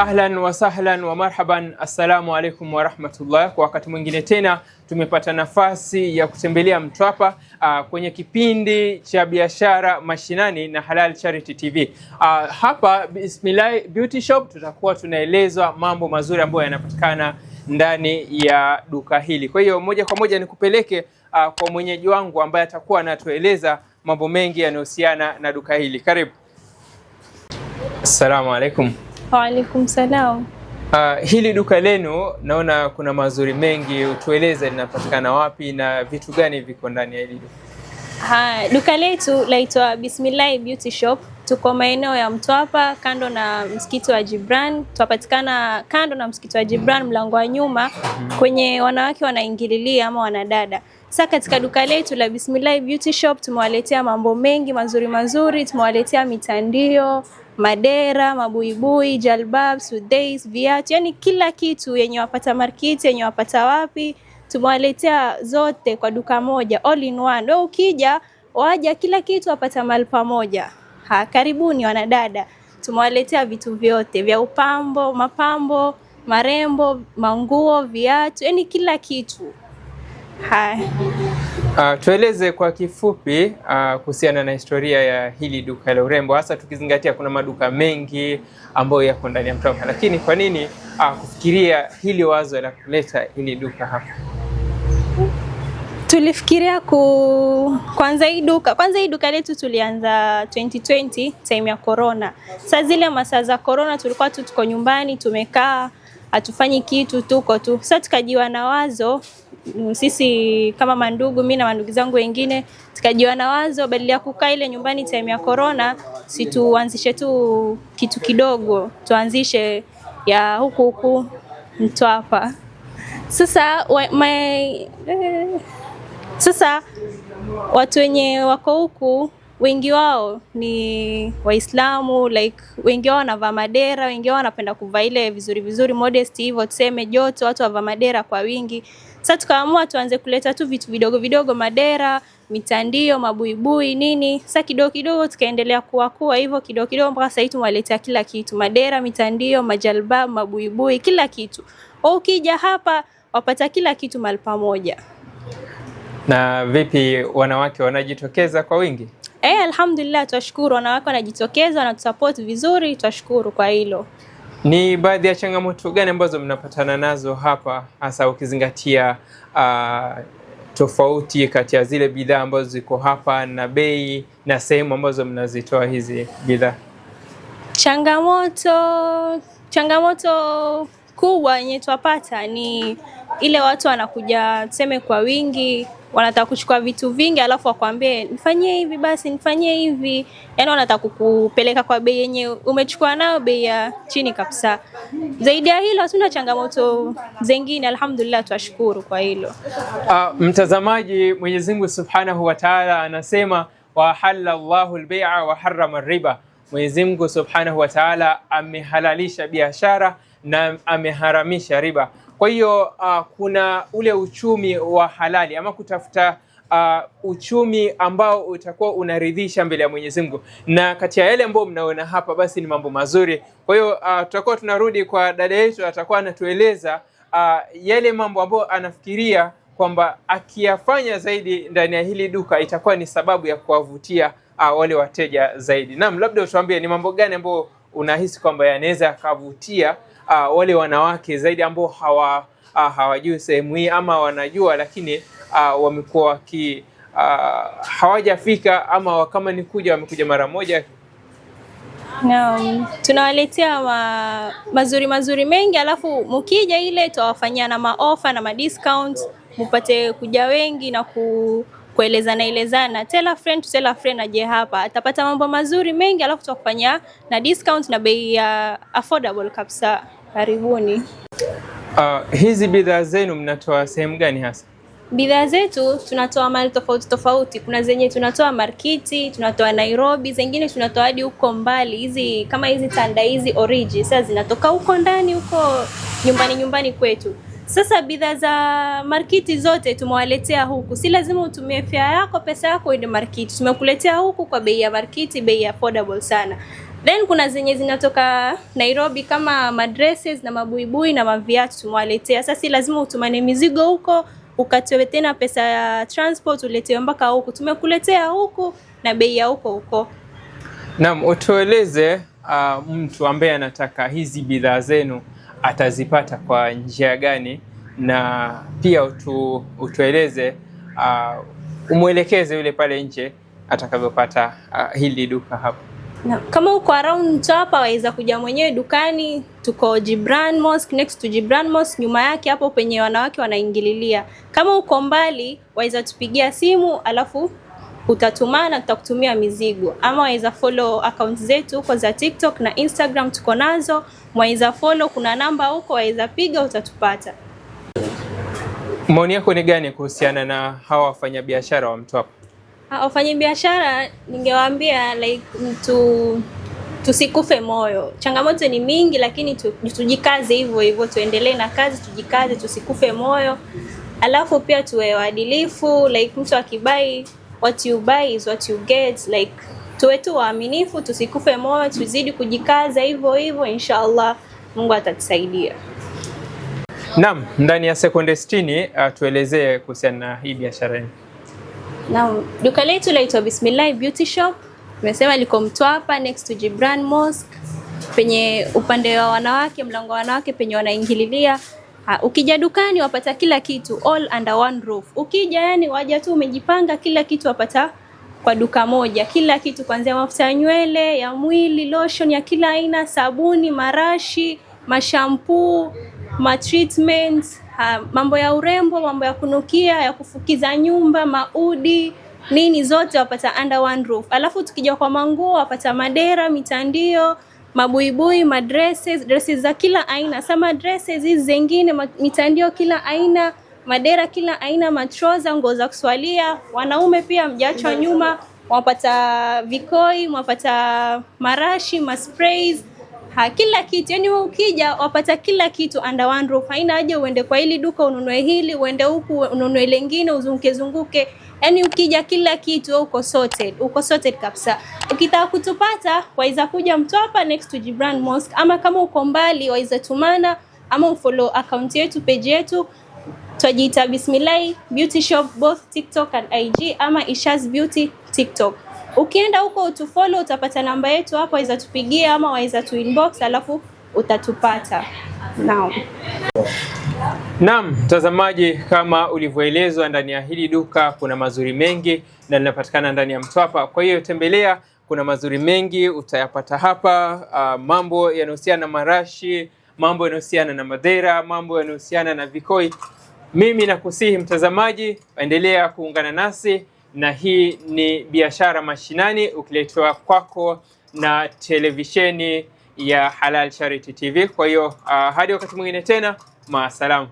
Ahlan wa sahlan wa marhaban, assalamu alaikum warahmatullah. Kwa wakati mwingine tena tumepata nafasi ya kutembelea Mtwapa uh, kwenye kipindi cha biashara mashinani na Halal Charity TV. Uh, ah, hapa Bismillah Beauty Shop tutakuwa tunaelezwa mambo mazuri ambayo yanapatikana ndani ya duka hili. Kwa hiyo moja kwa moja nikupeleke uh, kwa mwenyeji wangu ambaye atakuwa anatueleza mambo mengi yanayohusiana na duka hili. Karibu. Assalamu alaikum. Waalaikum salam. Uh, hili duka lenu naona kuna mazuri mengi, utueleze linapatikana wapi na vitu gani viko ndani ya hili duka? Ha, duka letu laitwa Bismillah Beauty Shop. Tuko maeneo ya Mtwapa kando na msikiti wa Jibran. Tunapatikana kando na msikiti wa Jibran, mlango wa nyuma mm-hmm. kwenye wanawake wanaingililia ama wanadada sasa katika duka letu la Bismillah Beauty Shop tumewaletea mambo mengi mazuri mazuri, tumewaletea mitandio, madera, mabuibui, jalbab, sudeis, viatu, yani kila kitu yenye wapata markiti, yenye wapata wapi, tumewaletea zote kwa duka moja, all in one. Wewe ukija waja, kila kitu wapata mahali pamoja. Ha, karibuni wanadada, tumewaletea vitu vyote vya upambo, mapambo, marembo, manguo, viatu, yani kila kitu. Hai. Uh, tueleze kwa kifupi uh, kuhusiana na historia ya hili duka la urembo hasa tukizingatia kuna maduka mengi ambayo yako ndani ya mtaa, lakini kwa nini uh, kufikiria hili wazo la kuleta hili duka hapa? Tulifikiria ku kwanza hii duka kwanza hii duka letu tulianza 2020 time ya corona. Saa zile masaa za corona tulikuwa tu tuko nyumbani tumekaa hatufanyi kitu tuko tu. Sasa tukajiwa na wazo sisi kama mandugu, mi na mandugu zangu wengine tukajiwana wazo, badala ya kukaa ile nyumbani time ya corona, si tuanzishe tu kitu kidogo, tuanzishe ya huku huku Mtwapa. Sasa wa, my, eh, sasa watu wenye wako huku wengi wao ni Waislamu, like wengi wao wanavaa madera, wengi wao wanapenda kuvaa ile vizuri vizuri modest hivyo, tuseme joto, watu wavaa madera kwa wingi. Sasa tukaamua tuanze kuleta tu vitu vidogo vidogo, madera, mitandio, mabuibui nini. Sasa kidogo kidogo tukaendelea kuwa kuwa hivyo kidogo kidogo mpaka sasa hivi tumewaletea kila kitu, madera, mitandio, majalba mabuibui, kila kitu. Au ukija hapa wapata kila kitu mahali pamoja. Na vipi, wanawake wanajitokeza kwa wingi? Eh, alhamdulillah, twashukuru wanawake wanajitokeza, wanatusupport vizuri, twashukuru kwa hilo. Ni baadhi ya changamoto gani ambazo mnapatana nazo hapa hasa ukizingatia uh, tofauti kati ya zile bidhaa ambazo ziko hapa na bei na sehemu ambazo mnazitoa hizi bidhaa? Changamoto changamoto kubwa yenye twapata ni ile watu wanakuja tuseme kwa wingi wanataka kuchukua vitu vingi, alafu wakwambie nifanyie hivi basi nifanyie hivi, yani wanataka kukupeleka kwa bei yenye umechukua nao bei ya chini kabisa. Zaidi ya hilo hatuna changamoto zingine, alhamdulillah, twashukuru kwa hilo. Uh, mtazamaji, Mwenyezi Mungu Subhanahu wa Ta'ala anasema wa halala Allahu al-bai'a wa harrama riba, Mwenyezi Mungu Subhanahu wa Ta'ala amehalalisha biashara na ameharamisha riba. Kwa hiyo uh, kuna ule uchumi wa halali ama kutafuta uh, uchumi ambao utakuwa unaridhisha mbele ya Mwenyezi Mungu, na kati ya yale ambayo mnaona hapa, basi ni mambo mazuri. Kwa hiyo uh, tutakuwa tunarudi kwa dada yetu, atakuwa anatueleza uh, yale mambo ambayo anafikiria kwamba akiyafanya zaidi ndani ya hili duka itakuwa ni sababu ya kuwavutia uh, wale wateja zaidi. Naam, labda utuambie ni mambo gani ambayo unahisi kwamba yanaweza yakavutia uh, wale wanawake zaidi ambao hawa uh, hawajui sehemu hii ama wanajua lakini uh, wamekuwa waki uh, hawajafika ama kama ni kuja wamekuja mara moja. Naam, tunawaletea ma, mazuri mazuri mengi, alafu mukija ile tuwafanyia na maofa na madiscount mupate kuja wengi na ku kuelezana elezana, tell a friend to tell a friend aje hapa atapata mambo mazuri mengi, alafu tutakufanyia na discount na bei ya affordable kabisa. Karibuni. Uh, hizi bidhaa zenu mnatoa sehemu gani hasa? Bidhaa zetu tunatoa mahali tofauti tofauti. Kuna zenye tunatoa markiti, tunatoa Nairobi, zingine tunatoa hadi huko mbali. Hizi kama hizi tanda hizi oriji sasa zinatoka huko ndani huko nyumbani nyumbani kwetu. Sasa bidhaa za markiti zote tumewaletea huku, si lazima utumie fia yako pesa yako ende markiti. Tumekuletea huku kwa bei ya markiti, bei affordable sana. Then kuna zenye zinatoka Nairobi kama madresses na mabuibui na maviatu tumewaletea. Sasa si lazima utumane mizigo huko ukatoe tena pesa ya transport uletewe mpaka huku, tumekuletea huku na bei ya huko huko. Naam, utueleze uh, mtu ambaye anataka hizi bidhaa zenu atazipata kwa njia gani, na pia utu, utueleze uh, umwelekeze yule pale nje atakavyopata uh, hili duka hapa. Na, kama uko around hapa waweza kuja mwenyewe dukani. Tuko Gibran Mosque, next to Gibran Mosque, nyuma yake hapo penye wanawake wanaingililia. Kama uko mbali waweza tupigia simu alafu utatumana, tutakutumia mizigo. Ama waweza follow account zetu huko za TikTok na Instagram tuko nazo, mwaweza follow, kuna namba huko waweza piga, utatupata. Maoni yako ni gani kuhusiana na hawa wafanyabiashara wa Mtwapa? Wafanyabiashara ningewaambia like mtu tusikufe moyo. Changamoto ni mingi, lakini tu, tujikaze hivyo hivyo, tuendelee na kazi, tujikaze, tusikufe moyo, alafu pia tuwe waadilifu, like mtu akibai what you buy is what you get like tuwe tu waaminifu, tusikufe moyo, tuzidi kujikaza hivyo hivyo, inshallah Mungu atatusaidia. Naam, ndani ya sekunde 60 uh, tuelezee kuhusiana na hii biashara yenu. Naam, duka letu laitwa Bismillah Beauty Shop. Tumesema liko Mtwapa next to Gibran Mosque penye upande wa wanawake, mlango wa wanawake penye wanaingililia Ha, ukija dukani wapata kila kitu all under one roof. Ukija yani waja tu umejipanga, kila kitu wapata kwa duka moja, kila kitu kuanzia mafuta ya nywele, ya mwili, lotion ya kila aina, sabuni, marashi, mashampuu, ma treatment, mambo ya urembo, mambo ya kunukia, ya kufukiza nyumba, maudi nini, zote wapata under one roof. Alafu tukija kwa manguo wapata madera, mitandio mabuibui, madresses, dresses za kila aina, sama dresses hizi zingine, mitandio kila aina, madera kila aina, matroza, nguo za kuswalia. Wanaume pia mjaachwa nyuma, mwapata vikoi, mwapata marashi, masprays raha, kila kitu. Yani wewe ukija wapata kila kitu under one roof. Haina haja uende kwa hili duka ununue hili, uende huku ununue lengine, uzunguke zunguke. Yani ukija kila kitu uko sorted, uko sorted kabisa. Ukitaka kutupata waweza kuja Mtwapa next to Gibran Mosque, ama kama uko mbali waweza tumana ama ufollow account yetu, page yetu twajiita Bismillah Beauty Shop both TikTok and IG ama Ishaz Beauty TikTok. Ukienda huko utufollow, utapata namba yetu hapo, waweza tupigia ama waweza tu inbox, alafu utatupata. Naam. Naam, mtazamaji, kama ulivyoelezwa, ndani ya hili duka kuna mazuri mengi na linapatikana ndani ya Mtwapa. Kwa hiyo tembelea, kuna mazuri mengi utayapata hapa. Uh, mambo yanahusiana na marashi, mambo yanahusiana na madera, mambo yanahusiana na vikoi. Mimi nakusihi mtazamaji, endelea kuungana nasi na hii ni Biashara Mashinani, ukiletewa kwako na televisheni ya Halal Charity TV. Kwa hiyo uh, hadi wakati mwingine tena, maasalamu.